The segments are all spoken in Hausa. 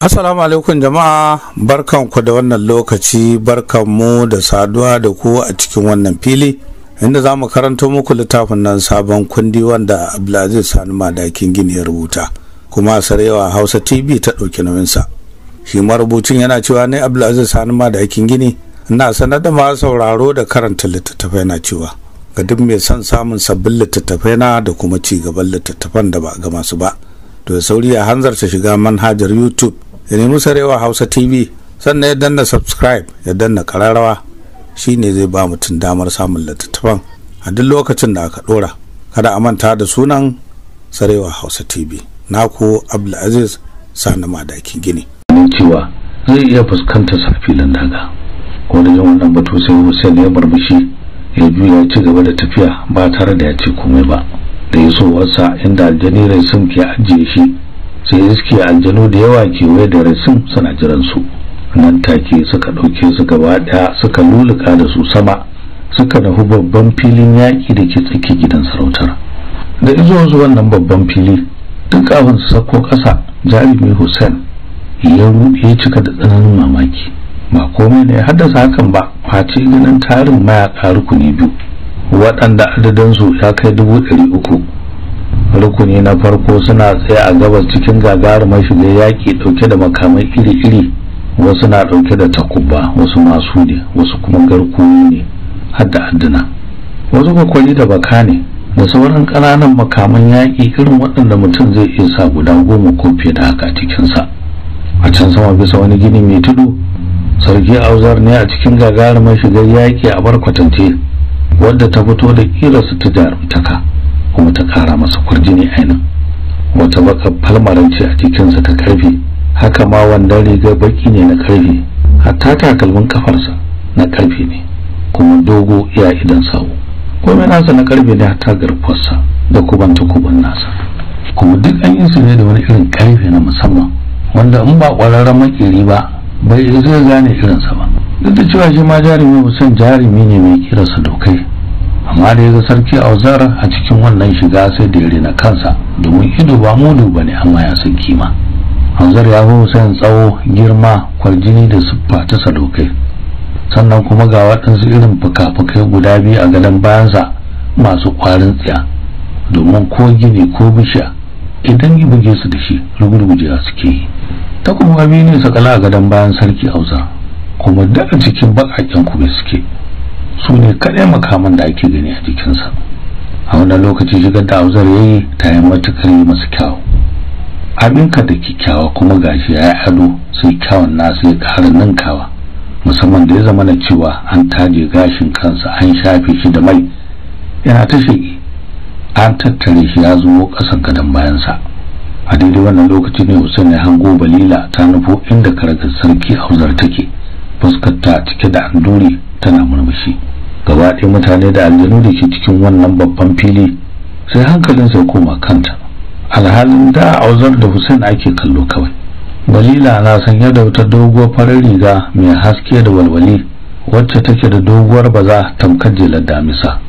Assalamu alaikum jama'a ku da wannan lokaci mu da saduwa da ku a cikin wannan fili inda za mu karanto muku littafin nan sabon kundi wanda Abdulaziz Sani Madakin Gini ya rubuta kuma sarewa Hausa TV ta ɗauki nauyinsa. Shi marubucin yana cewa ne Abdulaziz Sani Madakin Gini ina sanar da masu sauraro da karanta littattafai na cewa ga duk mai son samun sabbin littattafai na da kuma ci gaban littattafan da ba ga masu ba. To sauri ya hanzarta shiga manhajar YouTube ya nemi sarewa hausa tv sannan ya danna subscribe ya danna kararawa shi ne zai ba mutum damar samun littattafan a duk lokacin da aka dora kada a manta da sunan sarewa hausa tv naku abdulaziz sani madakin gini cewa zai iya fuskantar sa filin daga ko da jin wannan batu sai hussein ya barbashi ya juya ci gaba da tafiya ba tare da ya ce komai ba da ya so wasa inda janirai sun ke ajiye shi sai iske aljanu da yawa ke kewaye da rasim suna jiransu su nan take suka ɗauke su gaba ɗaya suka lulluka da su sama suka nufi babban filin yaƙi da ke tsaki gidan sarautar da izo su wannan babban fili duk kafin su sako ƙasa jarumi hussein ya ruɗe ya cika da tsananin mamaki ba komai ne haddasa hakan ba face ganin tarin mayaƙa rukuni biyu waɗanda adadinsu ya kai dubu ɗari uku rukuni na farko suna tsaye a gabas cikin gagarumar shiga yaƙi ɗauke da makamai iri-iri wasu na ɗauke da takuba wasu masu ne wasu kuma garkuni ne har da adduna wasu kwakwali da baka ne da sauran ƙananan makaman yaƙi irin waɗanda mutum zai iya sa guda goma ko fiye da haka cikinsa a can sama bisa wani gini mai tudu sarki auzar ne a cikin gagarumar shigar yaƙi a barkwatance wadda ta fito da ƙira su ta kuma ta kara masa kurjini aina wata baka falmaranci a jikinsa ta karfe haka ma wanda rigar baki ne na karfe hatta takalmin kafarsa na karfe ne kuma dogo iya idan sawu komai nasa na karfe ne hatta sa da kuban tukuban nasa kuma duk an yi su ne da wani irin karfe na musamman wanda in ba ƙwararren makiri ba bai zai gane irinsa ba duk da cewa shi ma jarumi musan jarumi ne mai kirasa da amma da sarki auzar a cikin wannan shiga sai da ya rena kansa domin ido ba mudu bane amma ya san kima auzar ya fi sai tsawo girma kwaljini da siffa ta sadokai sannan kuma ga waɗansu irin fuka-fukai guda biyu a gadon bayansa masu kwarin tsiya domin ko gini ko bishiya idan ya buge su da shi rugurgujewa suke yi ta kuma ne sakala a gadon bayan sarki auzar kuma da cikin baƙaƙen kube suke su ne kaɗai makaman da ake gani a jikinsa a wannan lokaci shiga da auzar ya yi ta yi matuƙar yi masu kyawu abinka da kyakkyawa kuma gashi ya yi ado sai kyawun nasu ya ƙara ninkawa musamman da ya zama na cewa an taje gashin kansa an shafe shi da mai yana ta shege an tattare shi ya zo ƙasan gadon bayansa a daidai wannan lokaci ne Hussein ya hango Balila ta nufo inda karagar sarki Hauzar take ta cike da andure tana murmushi gaba ɗaya mutane da aljanu da ke cikin wannan babban fili sai hankalin sai koma kanta alhalin da auzar da hussein ake kallo kawai balila na sanye da wata doguwar farin riga mai haske da walwali wacce take da doguwar baza tamkar jelar damisa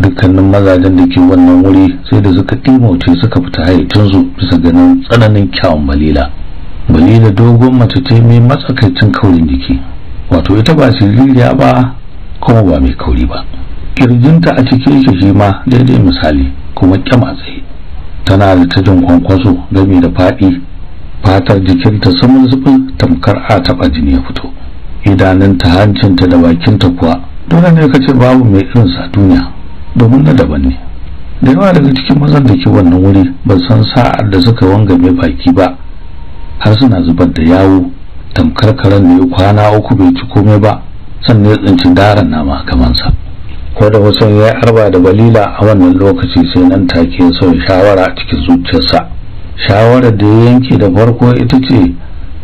dukkanin mazajen da ke wannan wuri sai da suka ɗimote suka fita tunzu bisa ganin tsananin kyawun balila balila dogon mace ce mai matsakaicin kaurin jiki wato ita ba siririya ba kuma ba mai kauri ba kirjinta a cikin shi shi ma daidai misali kuma kyama tsaye tana da ta jin kwankwaso game da faɗi fatar jikinta saman zubin tamkar a taɓa jini ya fito ta hancinta da bakinta kuwa dole ne ka ce babu mai irin sa duniya domin na daban ne da yawa daga cikin mazan da ke wannan wuri ban san sa'ar da suka wanga mai baki ba har suna zubar da yawo tamkar karen da ya kwana uku bai ci komai ba sannan ya tsinci daren nama a gabansa ko da wasan ya arba da balila a wannan lokaci sai nan take son shawara a cikin zuciyarsa shawara da ya yanke da farko ita ce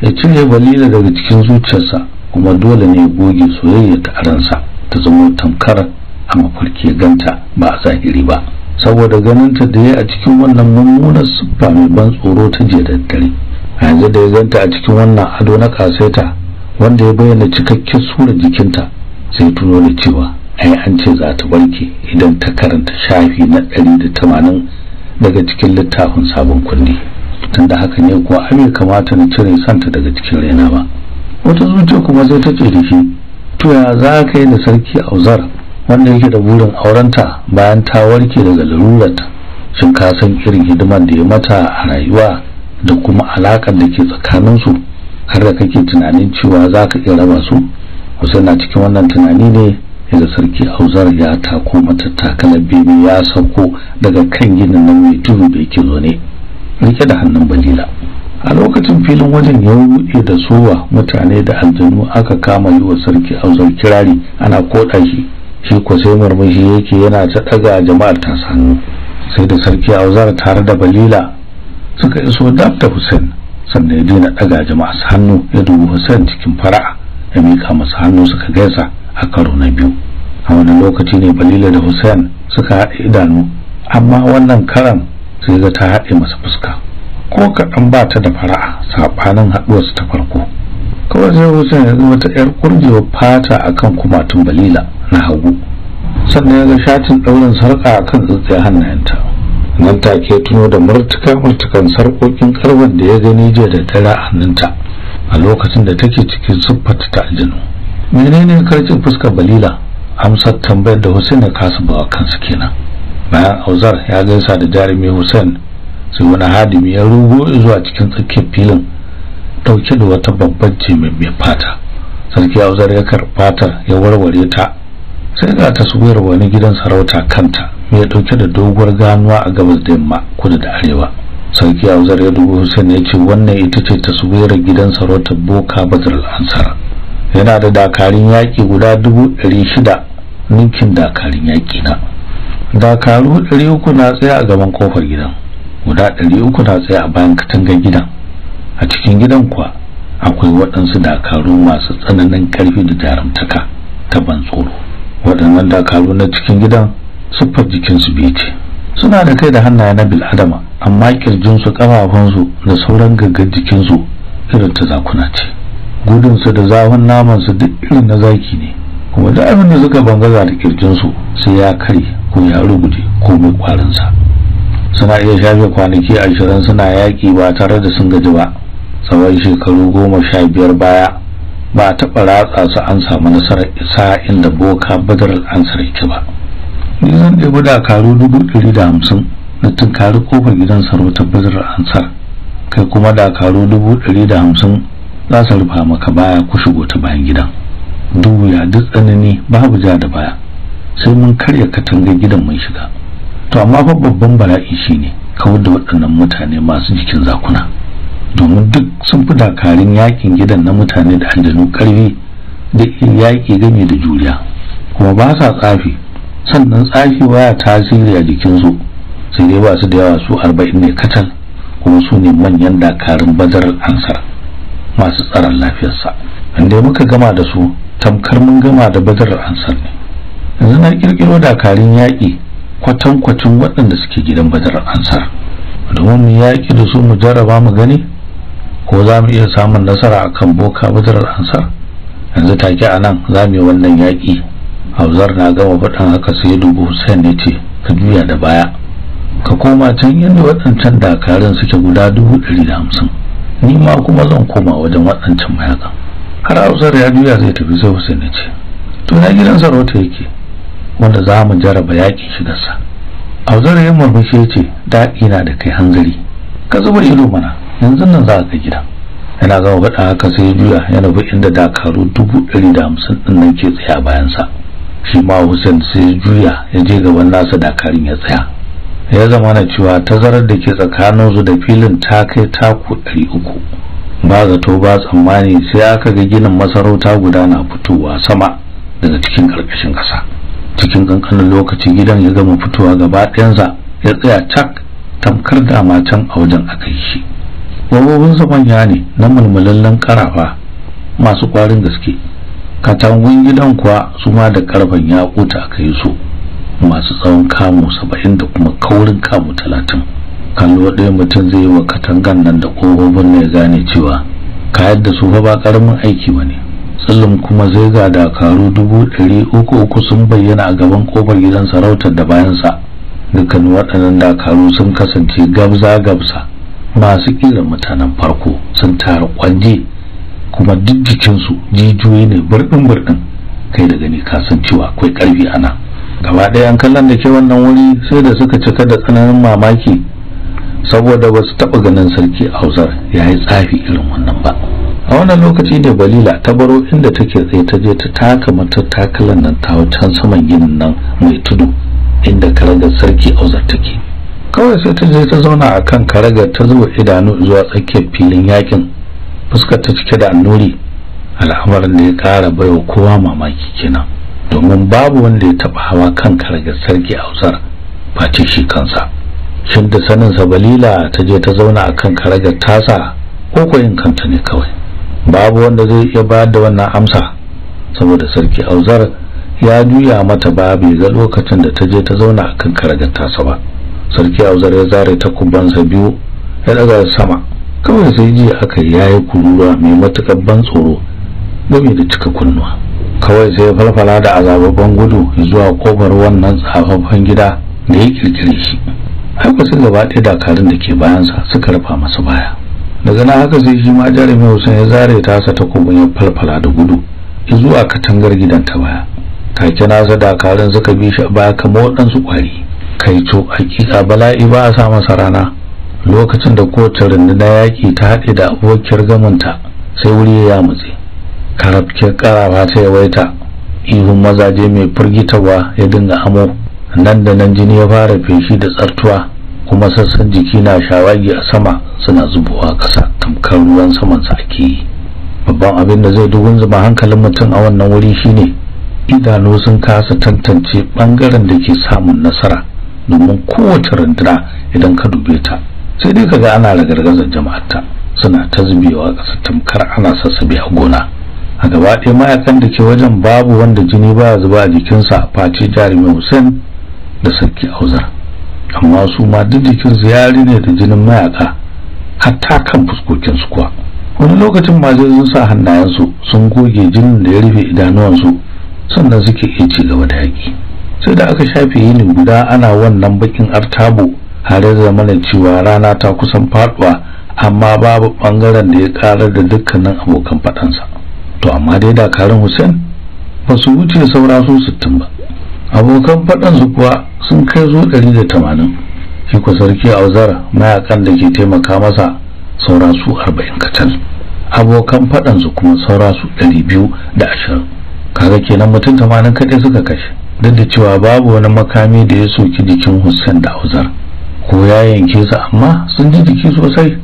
ya cire balila daga cikin zuciyarsa kuma dole ne goge soyayya ta aransa ta zama tamkar a mafarki ganta ba a zahiri ba saboda ganinta da ya a cikin wannan mummunar siffa mai ban tsoro ta je daddare yanzu da ya zanta a cikin wannan ado na kasaita wanda ya bayyana cikakken surar jikinta sai tuno da cewa ai an ce za ta barke idan ta karanta shafi na 180 daga cikin littafin sabon kundi tunda haka ne kuwa amir kamata na cire santa daga cikin raina ba wata zuciya kuma zai ta ce da shi to ya za ka yi da sarki auzar wanda yake da burin aurenta bayan ta warke daga larurarta shin ka san irin hidimar da ya mata a rayuwa da kuma alakar da ke tsakanin su har da kake tunanin cewa za ka iya raba su Hussein na cikin wannan tunani ne da sarki Hauzar ya tako mata takalar ya sauko daga kan ginin nan mai tudu da yake zo ne rike da hannun balila a lokacin filin wajen ya buɗe da sowa mutane da aljanu aka kama yi wa sarki Hauzar kirari ana koɗa shi shi ko sai marmashi yake yana ta ɗaga jama'ar ta hannu sai da sarki Hauzar tare da balila suka iso dab da Hussein sannan ya dina daga jama'a su hannu ya dubi Hussein cikin fara'a ya mika masa hannu suka gaisa a karo na biyu a wani lokaci ne Balila da Hussein suka haɗa idanu amma wannan karan sai ga ta haɗe masa fuska ko kaɗan ba ta da fara'a saɓanin haɗuwarsu ta farko kawai sai Hussein ya zama ta 'yar kurjewar fata akan kumatun Balila na hagu sannan ya ga shatin ɗaurin sarƙa kan tsintsiyar hannayenta nan take tuno da murtuka murtukan sarkokin karwan da ya gani jiya da dare a a lokacin da take cikin siffata ta aljinu menene karcin fuska balila amsar tambayar da Hussein ya kasa bawa kenan bayan Auzar ya gaisa da jarumi husain sai wani hadimi ya rugo zuwa cikin tsakiyar filin dauke da wata babbar ce mai fata sarki Auzar ya karfata ya warware ta sai ga taswirar wani gidan sarauta kanta mai dauke da doguwar ganuwa a gabas da yamma kudu da arewa sarki Hausar ya dubo Hussein ya ce wannan ita ce taswirar gidan sarautar Boka Badr al yana da dakarun yaƙi guda dubu ɗari shida ninkin dakarun yaƙi na dakaru ɗari uku na tsaye a gaban kofar gidan guda ɗari uku na tsaye a bayan katangar gidan a cikin gidan kuwa akwai waɗansu dakaru masu tsananin ƙarfi da jarumtaka ta ban tsoro waɗannan dakaru na cikin gidan siffar jikinsu biyu ce suna da kai da hannaye na bil'adama amma kirjinsu ƙafafunsu da sauran gaggar jikinsu irin ta zakuna ce gudunsu da zafin namansu duk irin na zaki ne kuma da abin da suka bangaza da kirjinsu sai ya kare ko ya rubuce ko mai kwarinsa suna iya shafe kwanaki ashirin suna yaƙi ba tare da sun gaji ba tsawon shekaru goma sha biyar baya ba a taɓa ratsa su an samu nasarar isa inda boka badar al'ansar yake ba ni zan ɗebi dakaru dubu ɗari da hamsin na tunkari kofar gidan sarautar badar ansar kai kuma dakaru dubu ɗari da hamsin za su rufa maka baya ku shigo ta bayan gidan duya duk tsanani babu ja da baya sai mun karya katangar gidan mun shiga to amma fa babban bala'i shine kawar da waɗannan mutane masu jikin zakuna domin duk sun fi dakarun yakin gidan na mutane da aljanu karfi da yaƙi game da juriya kuma ba sa tsafi sannan tsafi waya tasiri a jikinsu sai dai ba su da yawa su arba'in ne kacal kuma su ne manyan dakarun badar ansar masu tsaron lafiyarsa inda muka gama da su tamkar mun gama da badar ansar ne yanzu na kirkiro dakarun yaƙi kwatankwacin waɗanda suke gidan badar ansar domin mu yaƙi da su mu jarraba mu gani ko za mu iya samun nasara a kan boka bidirar ansar yanzu take a nan za mu yi wannan yaƙi hauzar na gama faɗin haka sai dubu hussein ne ce ka juya da baya ka koma can yadda waɗancan dakarun suke guda dubu ɗari da hamsin ni ma kuma zan koma wajen waɗancan mayakan har hausar ya juya zai tafi sai hussein ya ce to na gidan sarauta yake wanda za mu jaraba yaƙi shigarsa hauzar ya murmushi ya ce daɗi na da kai hanzari ka zuba ido mana yanzu nan za ka gida yana gama faɗa haka sai juya yana nufi inda dakaru dubu ɗari da hamsin ɗin nan ke tsaya bayansa shi ma hussein sai juya ya je gaban nasa dakarun ya tsaya ya zama na cewa tazarar da ke tsakanin su da filin ta kai taku ɗari uku ba zato ba tsammani sai aka ga ginin masarauta guda na fitowa sama daga cikin ƙarƙashin ƙasa cikin ƙanƙanin lokaci gidan ya gama fitowa gaba ɗayansa ya tsaya cak tamkar da can a wajen aka yi shi robobinsa manya ne na mulmulallen karafa masu kwarin gaske katangun gidan kuwa su ma da karfan yakuta kai su masu tsawon kamu saba'in da kuma kaurin kamu talatin kallo ɗaya mutum zai yi wa katangan nan da ƙofofin ne gane cewa ka da su fa ba ƙaramin aiki ba ne Tsallin kuma zai ga dakaru dubu ɗari uku uku sun bayyana a gaban ƙofar gidan sarautar da bayansa dukkan waɗannan dakaru sun kasance gabza gabsa masu kiran mutanen farko sun tara kwanje kuma duk jikinsu jijiyoyi ne birɗin-birɗin. kai da gani ka san cewa akwai ƙarfi ana gaba ɗaya an kallon da ke wannan wuri sai da suka cika da tsananin mamaki saboda ba su taɓa ganin sarki hausar ya yi tsafi irin wannan ba a wannan lokaci da balila ta baro inda take tsaye ta je ta taka mata takalan nan ta can saman ginin nan mai tudu inda karagar sarki hausar take kawai sai ta je ta zauna a kan karagar ta zuba idanu zuwa tsakiyar filin yakin fuskar ta cike da annuri al'amarin da ya ƙara baiwa kowa mamaki kenan domin babu wanda ya taɓa hawa kan karagar sarki hausar face shi kansa shin da saninsa balila ta je ta zauna a kan karagar tasa ko koyin kanta ne kawai babu wanda zai iya bayar da wannan amsa saboda sarki auzar ya juya mata babu ga lokacin da ta je ta zauna a kan karagar tasa ba sarki auzar ya zare takubansa biyu ya daga sama kawai sai ji aka yayi kururuwa mai matukar ban tsoro gami da cika kunnuwa kawai sai ya falfala da azababban gudu zuwa kofar wannan tsafaffen gida da ya kirkire shi haka sai gaba ɗaya dakarun da ke bayansa suka rufa masa baya daga nan haka sai shi ma jarumi Hussein ya zare tasa takobin ya falfala da gudu zuwa katangar gidan ta baya take nasa dakarun suka bi shi baya kamar waɗansu kwari kai to hakika bala'i ba a sa masa rana lokacin da kowace na yaƙi ta haɗe da abokiyar gamanta sai wuri ya mutse karafkiyar ƙarafa ta yawaita ihun mazaje mai firgitarwa ya dinga amo nan da nan jini ya fara feshi da tsartuwa kuma sassan jiki na shawagi a sama suna zubowa ƙasa tamkar ruwan saman ake yi babban abin da zai dugun zuba hankalin mutum a wannan wuri shine idanu sun kasa tantance ɓangaren da ke samun nasara domin kowace runduna idan ka dube ta sai dai kaga ana ragargazar jama'arta suna ta zubewa kasar tamkar ana sassabe a gona a gaba ɗaya mayakan da ke wajen babu wanda jini ba zuba a jikinsa face jarumi hussein da sarki auzar amma su ma duk jikinsu ya ne da jinin mayaka hatta kan fuskokinsu kuwa wani lokacin ma zai sa hannayensu sun goge jinin da ya rufe idanuwansu sannan suke iya ci gaba da yaƙi sai da aka shafe yini guda ana wannan bakin artabo har da mana cewa rana ta kusan faduwa amma babu bangaren da ya karar da dukkanin abokan fadansa to amma dai dakarun Hussein ba su wuce saura su 60 ba abokan fadansu kuwa sun kai zo 180 shi kuwa sarki Auzar mayakan da ke taimaka masa saura su 40 katal abokan fadansu kuma saura su 220 kaga kenan mutum 80 kadai suka kashe duk da cewa babu wani makami da ya soki jikin Hussein da Hauzar ko ya yanke su amma sun ji jiki sosai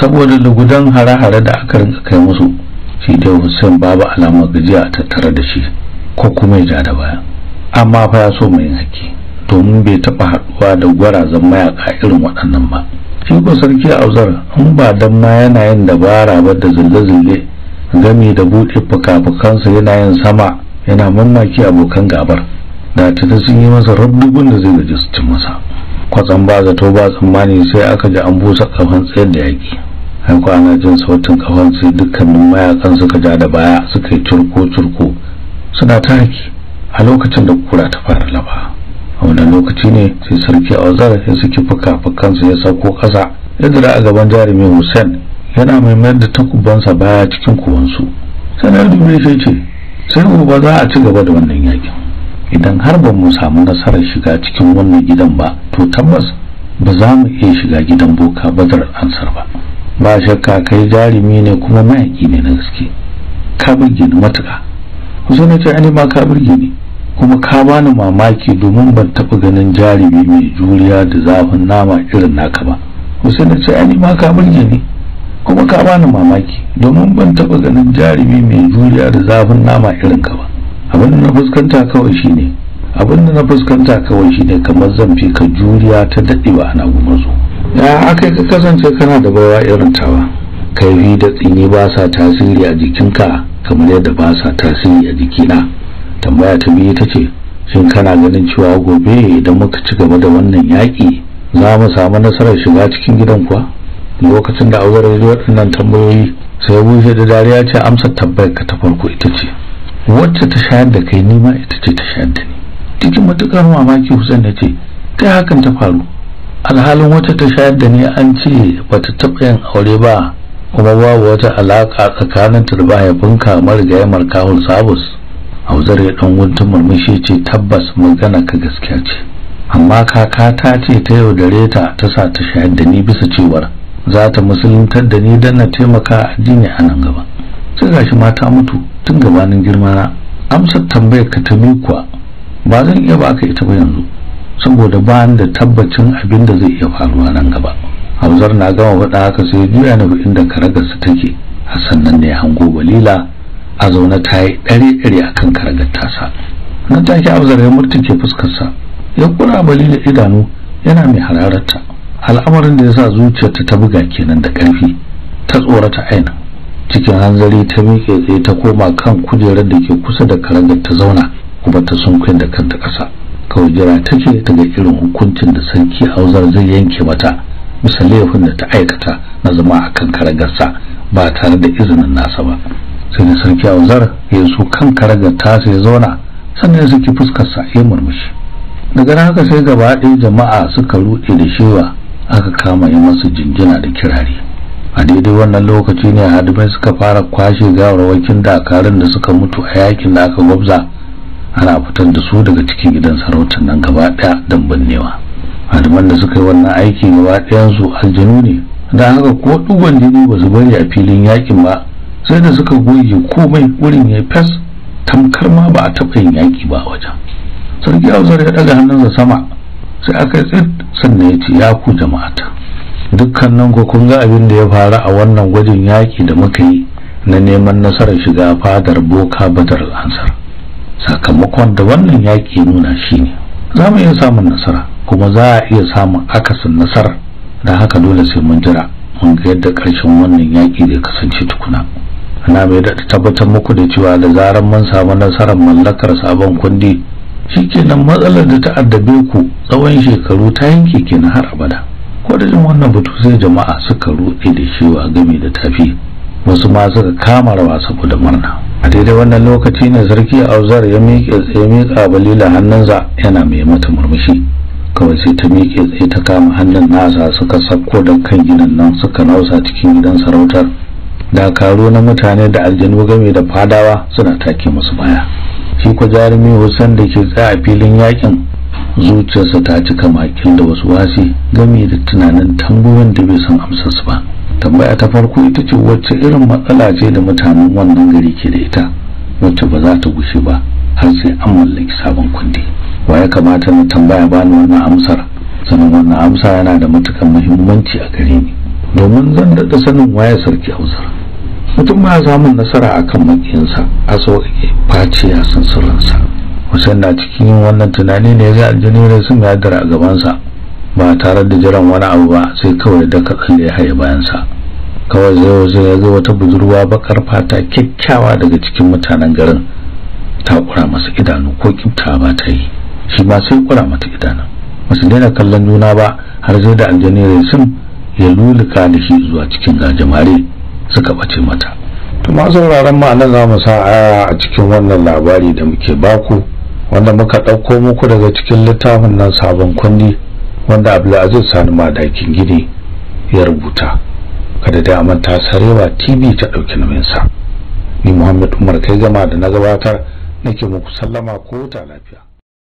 saboda lugudan hare-hare da aka rinka kai musu shi da Hussein babu alamar gajiya a tattare da shi ko kuma ya da baya amma fa ya so mai haƙƙi domin bai taɓa haɗuwa da gwarazan mayaka irin waɗannan ba shi ko sarki Hauzar in ba dan ma yana yin dabara ba da zille-zille gami da buɗe fuka-fukansa yana yin sama yana mamaki abokan gabar da sun yi masa rabdugun da zai gaji su masa kwatsam ba zato ba tsammani sai aka ji an busa kafan tsayar da yaki har ana jin sautin kafan sai dukkanin mayakan suka ja da baya suka yi turko turko suna taki a lokacin da kura ta fara laba a wannan lokaci ne sai sarki a wazar ya suke fuka su ya sauko ƙasa ya a gaban jarumin hussein yana mai mayar da takubansa baya cikin kuwansu sanar da mai ce sai gobe za a ci gaba da wannan yakin idan har ba mu samu nasarar shiga cikin wannan gidan ba to tabbas ba za mu iya shiga gidan boka badar ansar ba ba shakka kai jarumi ne kuma mayaki ne na gaske ka burge ni matuƙa kusan ta ani ma ka burge ni kuma ka bani mamaki domin ban taɓa ganin jarumi mai juriya da zafin nama irin naka ba na ce ma ka burge ni kuma ka bani mamaki domin ban taɓa ganin jarumi mai juriya da zafin nama irin ka ba abin da na fuskanta kawai shine abin da na fuskanta kawai shine kamar zan fi ka juriya ta daɗewa ana zo ya akai ka kasance kana da bawa irin tawa kaifi da tsini ba sa tasiri a jikinka kamar yadda ba sa tasiri a jikina tambaya ta biyu ta ce shin kana ganin cewa gobe idan muka ci gaba da wannan yaƙi za mu samu nasarar shiga cikin gidan kuwa lokacin da auzar ya waɗannan tambayoyi sai bushe da dariya ce amsar tambayar ka ta farko ita ce wacce ta shayar da kai nima ita ce ta shayar da ni cikin matukar mamaki Hussein ya ce kai hakan ta faru alhalin wacce ta shayar da ni an ce ba ta taɓa yin aure ba kuma babu wata alaƙa tsakanin ta da mahaifinka marigayi markahul sabus hauzar ya ɗan guntun murmushi ce tabbas magana ka gaskiya ce amma kaka ta ce ta yau yaudare ta ta sa ta shayar da ni bisa cewar za ta musuluntar da ni don na taimaka addini a nan gaba sai gashi mata mutu tun gabanin girma na amsa tambayar ka ta biyu kuwa ba zan iya baka ita ba yanzu saboda ba ni da tabbacin abin da zai iya faruwa nan gaba hauzar na gama faɗa haka sai juya na inda karagarsa take hassan nan ne hango balila a zaune ta yi ɗare ɗare a kan karagar tasa nan take hauzar ya murtuke fuskarsa ya kura balila idanu yana mai harararta. al'amarin da ya sa zuciyarta ta buga kenan da ƙarfi ta tsorata aina cikin hanzari ta miƙe tsaye ta koma kan kujerar da ke kusa da karagar ta zauna kuma ta sunkuya da kanta ƙasa kawai jira take daga irin hukuncin da sarki hausar zai yanke mata bisa laifin da ta aikata na zama a kan karagarsa ba tare da izinin nasa ba sai da sarki hausar ya so kan karagar ta ya zauna sannan ya saki fuskarsa ya murmushi daga nan haka sai gaba ɗaya jama'a suka ruɗe da shewa aka kama yi masa jinjina da kirari a daidai wannan lokaci ne hadimai suka fara kwashe gawar wakin dakarun da suka mutu a yakin da aka gwabza ana fitar da su daga cikin gidan sarautar nan gaba daya don binnewa hadiman da suka yi wannan aiki gaba ɗayansu aljanu ne da haka ko duban jini ba su bari a filin yakin ba sai da suka goge komai wurin ya fes tamkar ma ba a taɓa yin yaki ba a wajen sarki hausar ya ɗaga hannunsa sama sai aka yi tsit sannan ya ce ya ku jama'ata dukkanin ku kun ga abin da ya faru a wannan gwajin yaƙi da muka yi na neman nasarar shiga fadar boka badar ansar sakamakon da wannan yaƙi nuna shi ne za mu iya samun nasara kuma za a iya samun akasin nasarar da haka dole sai mun jira mun ga yadda ƙarshen wannan yaki zai kasance tukuna ana mai da tabbatar muku da cewa da zarar mun samu nasarar mallakar sabon kundi shikenan matsalar da ta addabe ku tsawon shekaru ta yanke kenan har abada da wannan batu sai jama'a suka ruɗe da wa game da tafi wasu ma suka kama rawa saboda murna a daidai wannan lokaci ne sarki auzar ya miƙe tsaye miƙa balila hannunsa yana mai mata murmushi kawai sai ta miƙe tsaye ta kama hannun nasa suka sako da kan gidan nan suka nausa cikin gidan sarautar dakaru na mutane da aljanu game da fadawa suna take musu baya shi ko jarumi Hussein da ke tsaya a filin yakin zuciyarsa ta cika makil da wasu wasi game da tunanin tambayoyin da bai san amsarsu ba tambaya ta farko ita ce wacce irin matsala ce da mutanen wannan gari ke da ita wacce ba za ta gushe ba har sai an mallaki sabon kundi wa ya kamata na tambaya bani wannan amsar sanin wannan amsa yana da matukar muhimmanci a gare ni domin zan daɗa sanin waya sarki Hausa. mutum ba samun nasara akan makiyansa, a sauƙaƙe face ya san sirrinsa kusan na cikin wannan tunani ne aljini ne sun gadara a gabansa ba tare da jiran wani abu ba sai kawai da ka tsalle ya haye bayansa kawai zai ya zo wata budurwa bakar fata kyakkyawa daga cikin mutanen garin ta kura masa idanu ko kifta ba ta yi shi ba sai kura mata idanu masu daina kallon juna ba har zai da ne sun ya lulluka da shi zuwa cikin gajimare suka bace mata to ma sauraron ma'anar za mu sa a cikin wannan labari da muke baku wanda muka ɗauko muku daga cikin littafin nan sabon kunni wanda abdulaziz sani madakin gini ya rubuta kada da manta sarewa tv ta ɗauki sa ni muhammad umar kai gama da na gabatar nake muku sallama ko ta lafiya